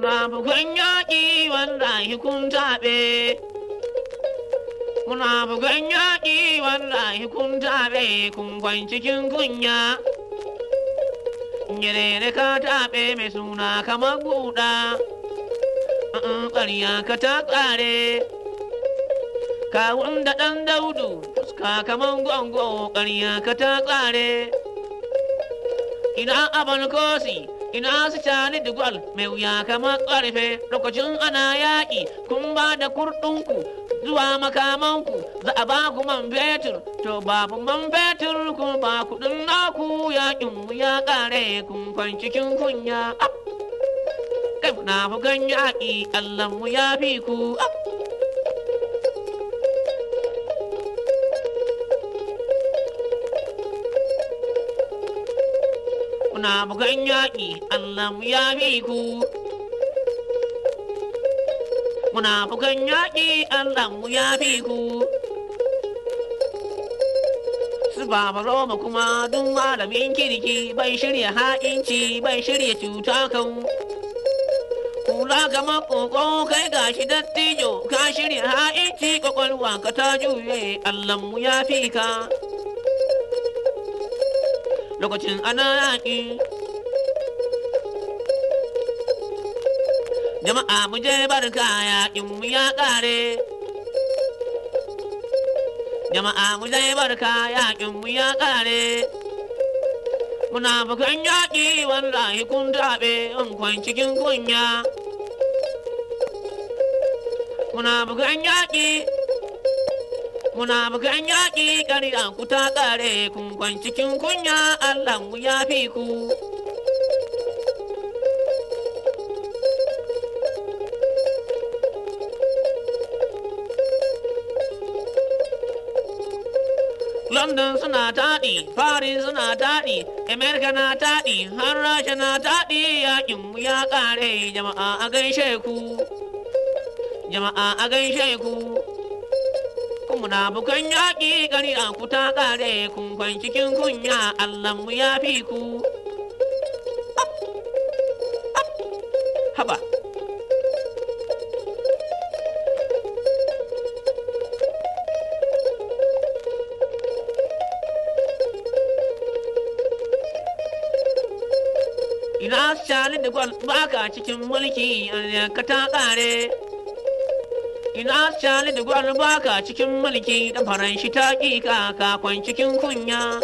babu yaƙi wanda hi kun taɓe. Kuna bugan yaƙi wanda hi kun taɓe kun kwan cikin kunya. Nyerere ka taɓe mai suna kamar guda. Ƙarya ka ta ƙare. Kawun da ɗan daudu fuska kamar gongo ƙarya ka ta ƙare. Ina abin kosi. ina su cani dugwal mai wuya kama ƙarfe lokacin ana yaƙi kun ba da kurɗinku zuwa makamanku za a ba ku man fetur to babu man fetur kuma ba kuɗin naku yaƙin mu ya ƙare kun cikin kunya kai na fugan yaƙi Allah mu ya fi ku ah. na bugan yaƙi Allah mu ya bi ku. Muna bugan yaƙi Allah mu ya bi ku. Su baba Roma kuma duk malamin kirki bai shirya ha'inci bai shirya cuta kan. Kula gama ƙoƙo kai ga shi dattijo ka shirya ha'inci ƙwaƙwalwa ka ta juye Allah mu ya fi ka. lokacin ana yaƙi jama'a mu je barka yaƙin mu ya ƙare jama'a mu je barka yaƙin mu ya ƙare muna bukan yaƙi wallahi kun daɓe in kwan cikin kunya muna bukan yaƙi Muna bugan yaƙi ƙarya ku ta ƙare kun cikin kunya Allah mu ya fi ku. London suna taɗi, Paris suna taɗi, America na taɗi, har Rasha na taɗi yaƙin mu ya ƙare jama'a a gaishe ku. Jama'a a gaishe ku. muna bukan yaƙi gari a kuta ta ƙare Kunkan cikin kunya Allahnmu ya fi ku. Haba. Ina shani da gwal ka cikin mulki a ka ta ƙare. ina cani da gwanin baka cikin mulki da faranshi ta ƙiƙa kakon cikin kunya